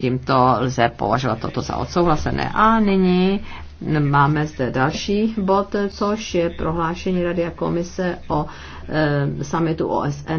tímto lze považovat toto za odsouhlasené. A nyní máme zde další bod, což je prohlášení Rady a komise o e, eh, samitu OSN